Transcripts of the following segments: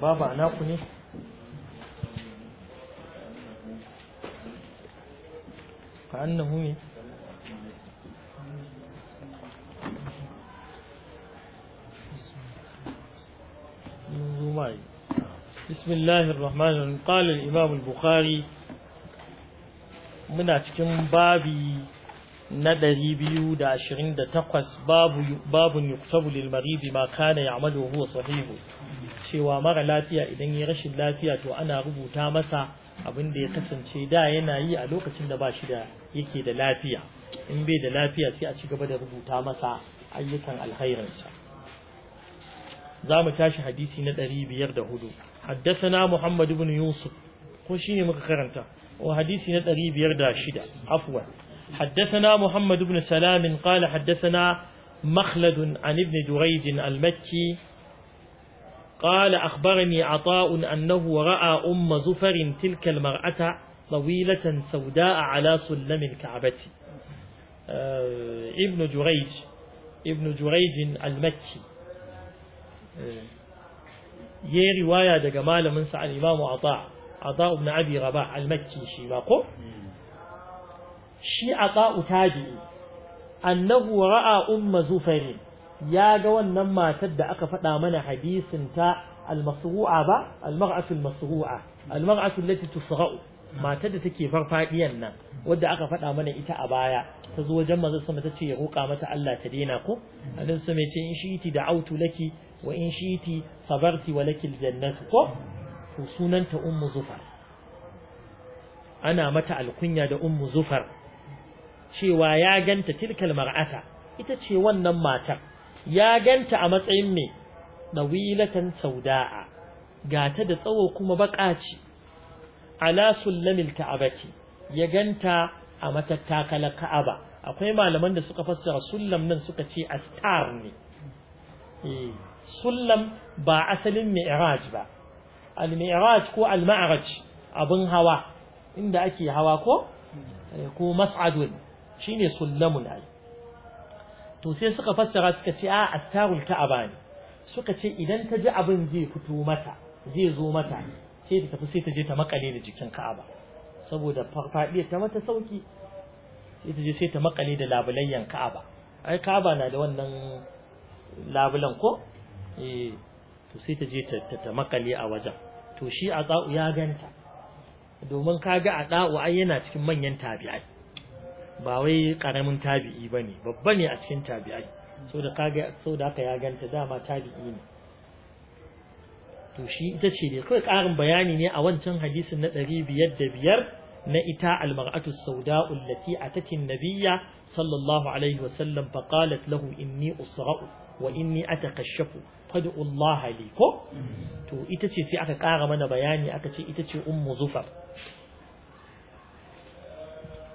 babu a naku ne ka annahu ne بسم الله الرحمن الرحيم قال الإمام البخاري muna cikin babi na ɗari biyu da ashirin da takwas babu yuktabu lil maridi ma kana ya'malu huwa sahihu cewa mara lafiya idan ya rashin lafiya to ana rubuta masa abin da ya kasance da yana yi a lokacin da ba shi da yake da lafiya in bai da lafiya sai a ci gaba da rubuta masa ayyukan alkhairinsa za mu tashi hadisi na ɗari biyar da hudu haddasana muhammad ibn yusuf ko shi ne muka karanta wa hadisi na ɗari biyar da shida afwan حدثنا محمد بن سلام قال حدثنا مخلد عن ابن جريج المكي قال أخبرني عطاء أنه رأى أم زفر تلك المرأة طويلة سوداء على سلم الكعبة آه، ابن جريج ابن جريج المكي آه، يي رواية جمال من سعى الإمام عطاء عطاء بن أبي رباح المكي شيماكو شي عطاء تاجئ أنه رأى أم زفر ya ga wannan matar da aka faɗa mana hadisinta almasru'a ba masrua. almasru'a almar'atu allati tusra'u matar da take farfadiyan nan wadda aka faɗa mana ita a baya ta zo wajen manzo sama ta ce ya roƙa mata Allah ta daina ko annan sama ce in shi'iti da'autu laki wa in shi'iti sabarti wa laki aljannatu ko sunanta ummu zufar ana mata alkunya da ummu zufar cewa ya ganta tilkal mar'ata ita ce wannan matar ya ganta a matsayin me dawilatan sauda'a gata da tsawo kuma baƙaci, ala sullamil ka'abati ya ganta a matattakala ka'aba akwai malaman da suka fassara sullam nan suka ce astar ne eh, sullam ba asalin mi'raj ba al-mi'raj ko al-ma'raj abin hawa inda ake hawa ko eh, ko mas'adun shine sullamun ai to sai suka fassara suka ce a attarul ka'aba ne suka ce idan ta ji abin zai fito mata zai zo mata sai ta tafi sai ta je ta makale da jikin ka'aba saboda farfadiyar ta mata sauki sai ta je sai ta makale da labulayyan ka'aba ai ka'aba na da wannan labulan ko eh to sai ta je ta makale a wajen to shi a ya ganta domin kaga a da'u ai yana cikin manyan tabi'ai ba wai karamin tabi'i bane babba ne a cikin tabi'ai sau da aka haka ya ganta dama tabi'i ne to shi ita ce dai kawai karin bayani ne a wancan hadisin na ɗari biyar da biyar na ita almar'atu sauda'u allati atatin nabiyya sallallahu alaihi wasallam fa qalat lahu inni usra'u wa inni atakashafu fad'u Allah li ko mm. to ita ce sai aka kara mana bayani aka ce ita ce ummu zufar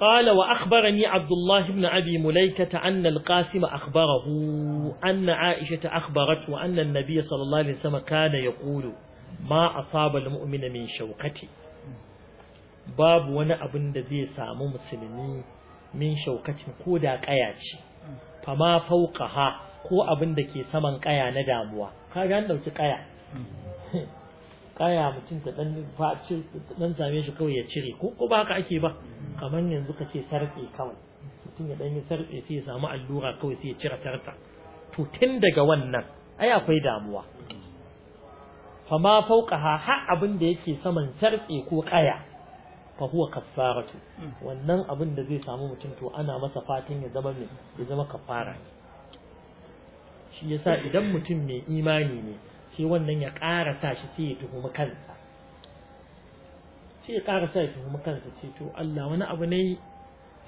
قال وأخبرني عبد الله بن أبي مليكة أن القاسم أخبره أن عائشة أخبرت وأن النبي صلى الله عليه وسلم كان يقول ما أصاب المؤمن من شوكته باب وانا أبن ذي سامو مسلمي من شوكته كودا قياتي فما فوقها ko abin da ke saman kaya na damuwa ka ga dauki kaya kaya mutum ta dan fa dan same shi kawai ya cire ko ba haka ake ba kamar yanzu ka ce sarƙe kawai mutum ya ɗanyi sarƙe sai ya samu allura kawai sai ya cire tarta to tun daga wannan ai akwai damuwa Fa ma fauka ha ha abin da yake saman sarƙe ko ƙaya fa huwa kaffaratu wannan abin da zai samu mutum to ana masa fatin ya zama mai ya zama kaffara shi yasa idan mutum mai imani ne sai wannan ya ƙara sa shi sai ya tuhumi kansa sai ya ƙara sa ya tafi kansa ce to Allah wani abu ne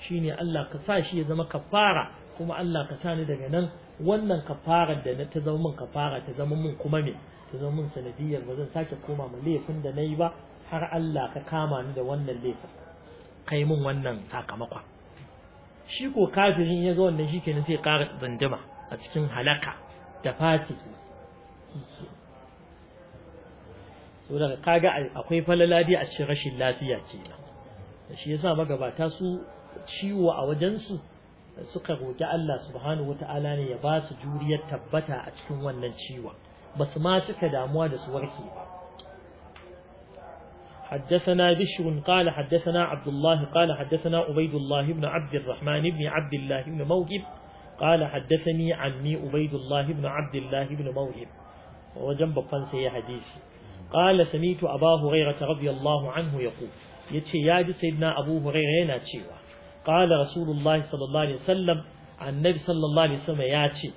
shi ne Allah ka sa shi ya zama kafara kuma Allah ka sa ni daga nan wannan kafarar da ta zama min kafara ta zama min kuma me ta zama min sanadiyar ba zan sake koma ma laifin da na yi ba har Allah ka kama ni da wannan laifin kai min wannan sakamakon shi ko kafirin ya ga wannan shi kenan sai ya ƙara zanduma a cikin halaka da fasiki to daga kaga akwai falaladi a cikin rashin lafiya kenan shi yasa magabata su ciwo a wajen su suka roki Allah subhanahu wata'ala ne ya ba su juriyar tabbata a cikin wannan ciwon basu ma suka damuwa da su warke ba حدثنا بشر قال حدثنا عبد الله قال حدثنا عبيد الله بن عبد الرحمن بن عبد الله بن موهب قال حدثني عني عبيد الله بن عبد الله بن موهب وجنب فنسي حديثي qala samitu aba hurairata radiyallahu anhu yaqul yace ya ji sayyidina abu hurairah yana cewa qala rasulullah sallallahu alaihi wasallam annabi sallallahu alaihi wasallam ya ce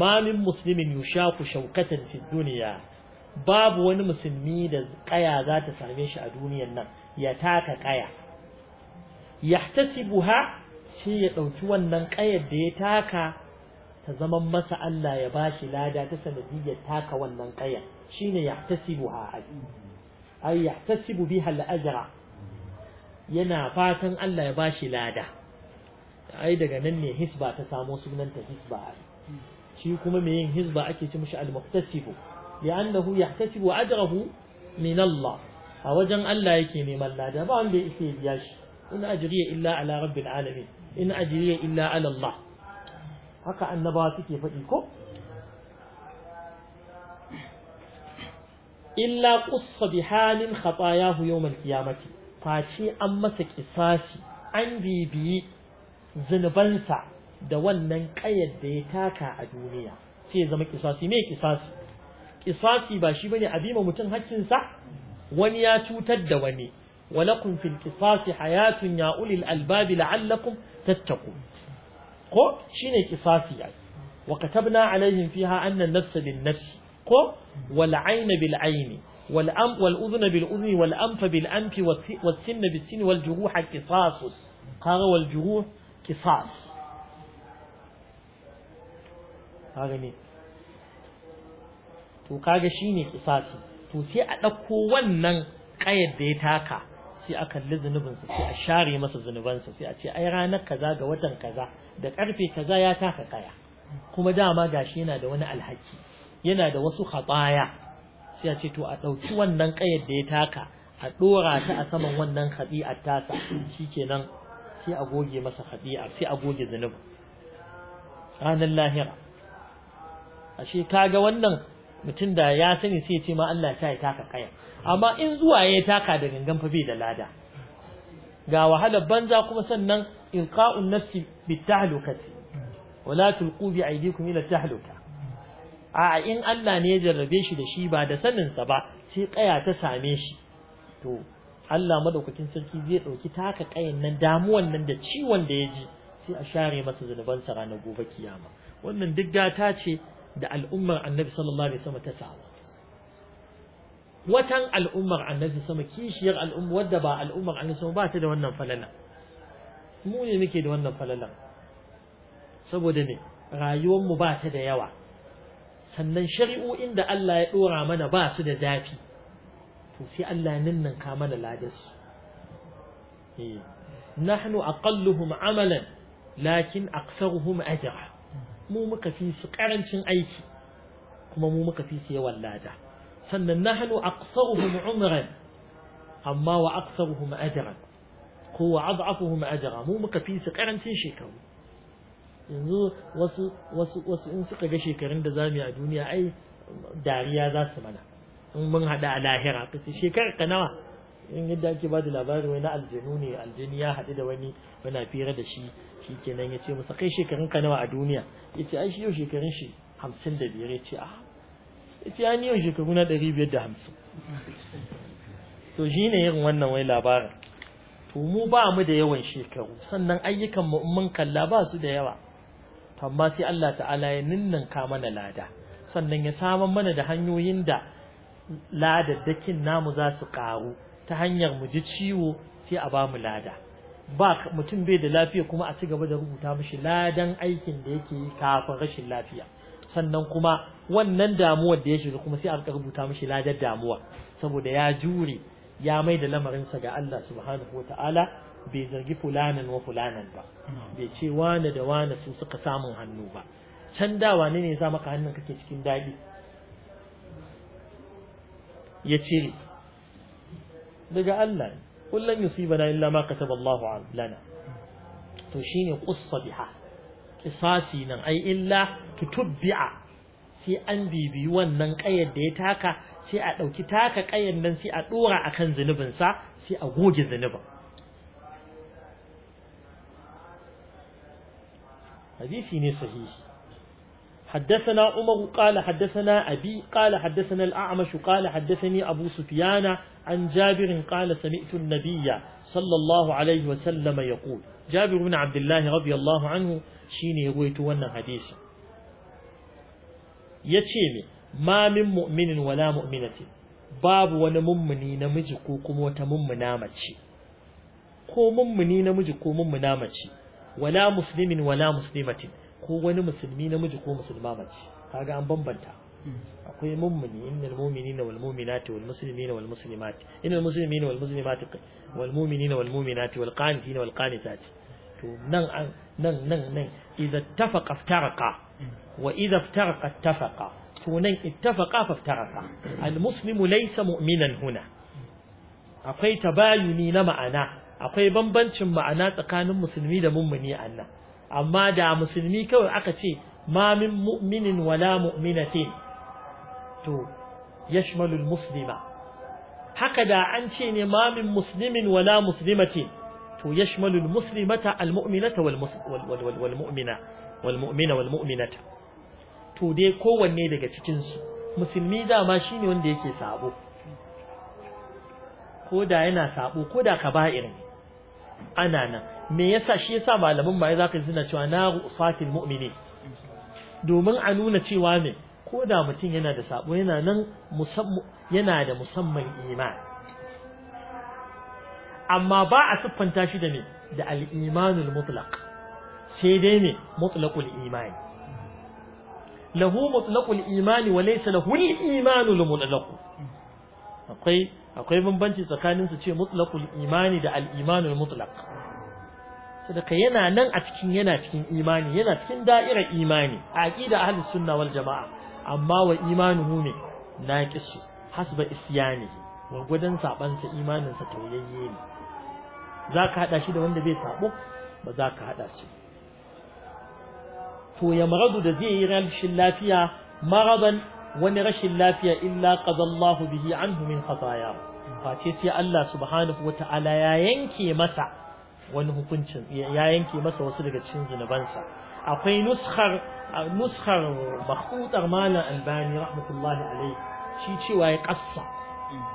ma min muslimin yushaku shawkatan fi dunya babu wani musulmi da kaya za ta same shi a duniyar nan ya taka kaya yahtasibuha sai ya dauki wannan kayar da ya taka ta zaman masa Allah ya bashi lada ta sanadiyyar taka wannan kayar shine yahtasibuha ay yahtasibu biha al-ajra yana fatan Allah ya bashi lada ai daga nan ne hisba ta samo sunanta hisba shi kuma me yin hisba ake ci mishi al-muhtasibu li'annahu yahtasibu ajrahu min Allah a wajen Allah yake neman lada ba wanda yake biya shi in ajriya illa ala rabbil alamin in ajriya illa ala Allah haka annabawa suke faɗi ko illa qussa bi halin huyo yawmal qiyamati face an masa kisasi an bibiyi zunubansa da wannan kayar da ya taka a duniya sai ya zama kisasi me kisasi kisasi ba shi bane abima mutum hakkinsa wani ya cutar da wani ولكم hayatun ya ulil albabi أولي الألباب ko shine قو شين قصاصي يعني وكتبنا عليهم فيها أن النفس بالنفس ko wal'aina bil'aini, bil aini wal'amfa bil'amfi, wal udhna bil udhni wal anfa bil anfi was sinna bis sinni wal juruha qisas kaga wal juruh qisas kaga ne to kaga shine qisasi to sai a dauko wannan kayar da ya taka sai a kalli zunubinsa sai a share masa zunubansa sai a ce ai ranar kaza ga watan kaza da karfe kaza ya taka kaya kuma dama gashi yana da wani alhaki yana da wasu khataya sai a ce to a ɗauki wannan ƙayar da ya taka a dora ta a saman wannan a tasa shikenan sai a goge masa khabi'a sai a goge zunubi ranar lahira ashe kaga wannan mutum da ya sani sai ya ce ma Allah ya taka kaya amma in zuwa ya taka da gangan fa bai da lada ga wahalar banza kuma sannan inqa'un nafsi bitahlukati wala tulqu bi aydikum ila tahluka a in Allah ne ya jarrabe shi da shi ba da saninsa ba sai kaya ta same shi to Allah madaukakin sarki zai dauki taka kayan nan damuwan nan da ciwon da ya ji sai a share masa sa ranar gobe kiyama wannan duk gata ce da al'ummar Annabi sallallahu alaihi wasallam ta samu watan al'ummar Annabi sama kishiyar al'umma wadda ba al'ummar Annabi sama ba ta da wannan falala mu ne muke da wannan falala saboda ne rayuwar mu ba ta da yawa sannan shari'o'in da Allah ya ɗora mana ba su da zafi to sai Allah ya ninnan ka mana ladarsu eh, nahnu aqalluhum amalan lakin aktsaruhum ajra mu muka fi su karancin aiki kuma mu muka fi su yawan lada sannan nahnu aktsaruhum umran amma wa aktsaruhum ajran ko wa ad'afuhum ajra mu muka fi su karancin shekaru yanzu wasu wasu wasu in suka ga shekarun da zamu yi a duniya ai dariya za su mana in mun hada a lahira ce shekarar ka nawa in yadda ake ba da labari na aljanu ne aljini ya haɗu da wani muna fira da shi shi kenan ya ce masa kai shekarun ka nawa a duniya ya ce ai shi yau shekarun shi hamsin da biyar ya ce a ya ce ni yau shekaru na ɗari biyar da hamsin to shi ne irin wannan wai labarin to mu ba mu da yawan shekaru sannan ayyukan mu mun kalla ba su da yawa amma sai Allah ta'ala ya ninninka mana lada sannan ya samar mana da hanyoyin da ladaddakin namu za su ƙaru ta hanyar mu ji ciwo sai a ba mu lada ba mutum bai da lafiya kuma a ci gaba da rubuta mishi ladan aikin da yake yi kafin rashin lafiya sannan kuma wannan damuwar da ya shiga kuma sai a rubuta mishi ladar damuwa saboda ya jure ya mai da lamarinsa ga Allah subhanahu wa ta'ala bai zargi fulanan wa fulanan ba hmm. bai ce wane da wane su suka samun hannu ba can da wane ne za maka hannun kake cikin daɗi ya ce daga Allah kullum bana illa ma kataba Allahu lana to shine qussa biha kisasi nan ai illa tubbi'a. sai an bibi wannan ƙayar da ya taka sai a ɗauki taka ƙayar nan sai a ɗora a kan zunubinsa sai a goge zunubin حديثي ني صحيح حدثنا عمر قال حدثنا أبي قال حدثنا الأعمش قال حدثني أبو سفيان عن جابر قال سمعت النبي صلى الله عليه وسلم يقول جابر بن عبد الله رضي الله عنه شيني رويت ونا حديثا يتشيمي ما من مؤمن ولا مؤمنة باب ونممني نمجكو كموت ممنا متشي ko mummuni namiji wala muslimin wala muslimatin ko wani musulmi namiji ko musulma mace kaga an bambanta akwai mummuni innal mu'minina wal mu'minati wal muslimina wal muslimati innal muslimina wal muslimati wal mu'minina wal mu'minati wal qanitina wal qanitati to nan nan nan nan idza ittafaqa iftaraqa wa idza iftaraqa ittafaqa to nan ittafaqa fa iftaraqa al muslimu laysa mu'minan huna akwai tabayuni na ma'ana akwai bambancin ma'ana tsakanin musulmi da mummuni a nan amma da musulmi kawai aka ce ma min mu'minin wala mu'minatin to yashmalu muslima haka da an ce ne ma min muslimin wala muslimatin to yashmalu muslimata almu'minata wal wal mu'mina wal mu'mina wal mu'minata to dai kowanne daga cikin su musulmi dama shine wanda yake sabo ko da yana sabo ko da kaba'ir ne ana nan me yasa shi yasa malaman ma za ka suna cewa na usatil mu'mini domin a nuna cewa me ko da mutum yana da sabo yana nan yana da musamman iman amma ba a siffanta shi da me da al-imanul mutlaq sai dai ne mutlaqul imani lahu mutlaqul imani wa laysa lahu al-imanul mutlaq akwai akwai bambanci tsakanin su ce mutlaqul imani da al-imanul mutlaq sadaka yana nan a cikin yana cikin imani yana cikin da'irar imani a aqida ahlus sunna wal jamaa amma wa imanuhu ne naqisu hasba isyani wa gudan saban sa imanin sa tauyayye ne zaka hada shi da wanda bai sabo ba zaka hada shi to ya maradu da zai yi rashin lafiya maradan wani rashin lafiya illa qadallahu bihi anhu min khataya face sai Allah subhanahu wata'ala ya yanke masa wani hukuncin ya yanke masa wasu daga cikin zunubansa akwai nuskhar nuskhar makhudar malam albani rahmatullahi alayhi shi cewa ya kassa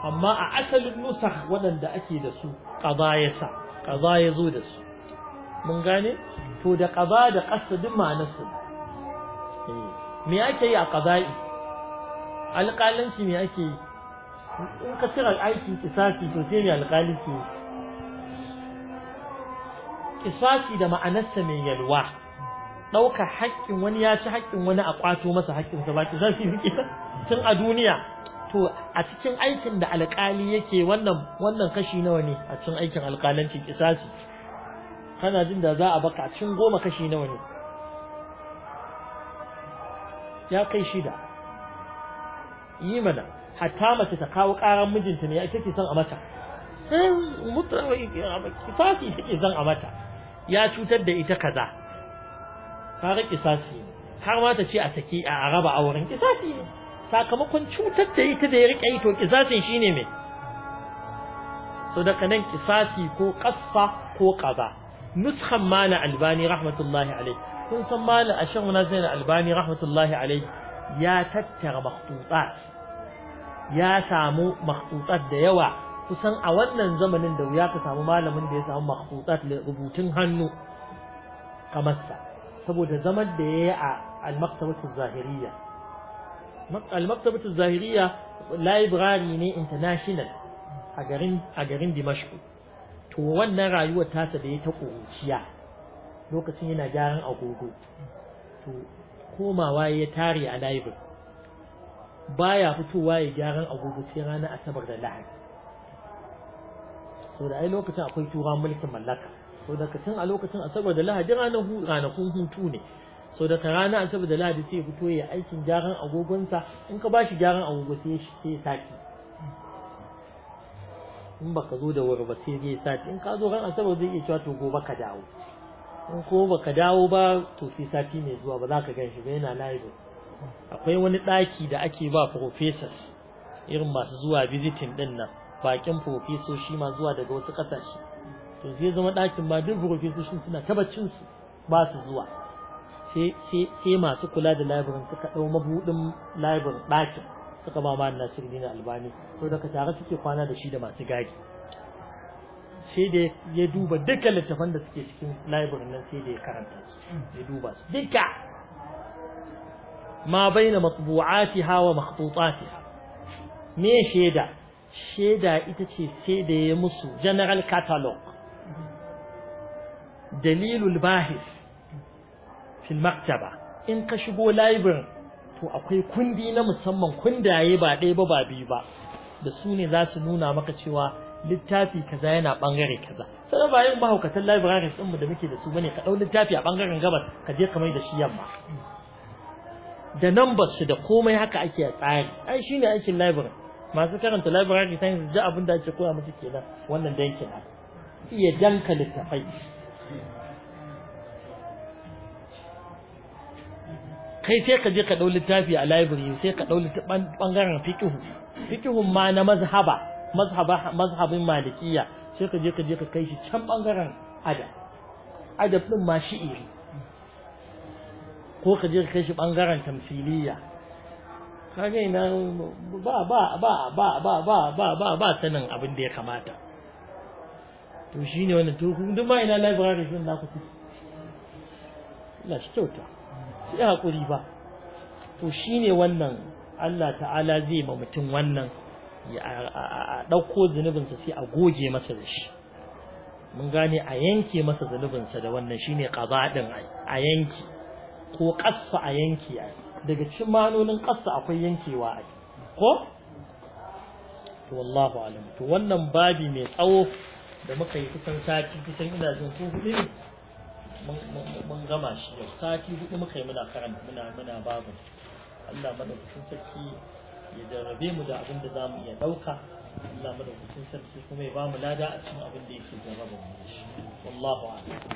amma a asalin nusakh waɗanda ake da su qada ya sa qada ya zo da su mun gane to da qada da qassa duk ma'anar su eh, me ake yi a qada'i alƙalanci ne ake yi in ka cire aiki kisasi to sai mai alƙali ke kisasi da ma'anarsa mai yalwa ɗauka haƙƙin wani ya ci haƙƙin wani a ƙwato masa haƙƙinsa ba kisasi suke tun a duniya to a cikin aikin da alƙali yake wannan wannan kashi nawa ne a cikin aikin alƙalanci kisasi kana jin da za a baka a cikin goma kashi nawa ne ya kai shida yi mana hatta mace ta kawo karan mijinta ne ita ke son a mata kisasi take son a mata ya cutar da ita kaza fara kisasi har ma ta ce a saki a raba auren kisasi ne sakamakon cutar da ita da ya rike ito kisasin shine mai, so daga nan kisasi ko kassa ko kaza nuskan mana albani rahmatullahi alaihi kun san mala ashan na zain albani rahmatullahi alaihi ya tattara makhtutat ya samu makhtutat da yawa kusan a wannan zamanin da wuya ka samu malamin da ya samu da rubutun hannu kamar sa saboda zaman da yayi a al-maktabatu zahiriyya al-maktabatu zahiriyya library ne international a garin a garin Dimashq to wannan rayuwar tasa da ya ta kuruciya lokacin yana gyaran agogo to komawa ya tare a ba baya fitowa ya gyaran agogo sai ranar asabar da lahadi so da ai lokacin akwai tura mulkin mallaka so da tun a lokacin asabar da lahadi ranakun hutu ne so da ka rana asabar da lahadi sai fito ya aikin gyaran agogonsa in ka bashi gyaran agogo sai ya sati in baka zo da wuri ba sai zai sati in ka zo ran asabar zai iya cewa to gobe ka dawo in ko baka dawo ba to sai sati mai zuwa ba za ka gan shi ba yana ba akwai wani ɗaki da ake ba professors irin masu zuwa visiting din nan bakin shi ma zuwa daga wasu ƙasashe to zai zama ɗakin ba duk shi suna tabbacin su ba su zuwa sai masu kula da library suka ɗau mabuɗin labirin ɗakin suka ba ma Nasiruddin Albani to daga tare suke kwana da shi da masu gadi sai da ya duba duka littafan da suke cikin library nan sai da ya karanta su ya duba su duka ma baina matbu'atiha wa makhtutatiha me sheda sheda ita ce sai da ya musu general catalog dalilul bahis fil maktaba in ka shigo library to akwai kundi na musamman kundaye ba ɗaya ba ba biyu ba da su ne za su nuna maka cewa littafi kaza yana bangare kaza sai ba yin bahaukatan library din mu da muke da su bane ka dau littafi a bangaren gabas ka je ka mai da shi yamma da numbers shi da komai haka ake tsari ai shine aikin library masu karanta library science ji abin da ake koya musu kenan wannan dankin iya danka littafai kai sai ka je ka dau littafi a library sai ka dau bangaren fiqh fiqhun ma na mazhaba mazhabin malikiya sai ka je ka je ka kai shi can bangaren adab adab din ma shi iri, ko ka je ka kai shi bangaren tamsiliya kage ina ba ba ba ba ba ba ba ba ba sanin abin da ya kamata to shine wannan to kun duk ma ina library din na ku ina shi kyauta sai hakuri ba to shine wannan Allah ta'ala zai ma mutum wannan a ɗauko zunubinsa sai a goge masa da shi mun gane a yanke masa zunubinsa da wannan shine ƙabaɗin a yanki ko ƙasa a yanki a daga cikin manonin ƙasa akwai yankewa a ko to wallahu alam to wannan babi mai tsawo da muka yi kusan sati kusan ina jin ko hudu ne mun gama shi yau sati hudu muka yi muna karanta muna muna babu Allah madaukakin sarki ya jarrabe mu da abin da za mu iya ɗauka Allah madaukakin sarki kuma ya ba mu lada a cikin abin da yake jarraba mu wallahu a'lam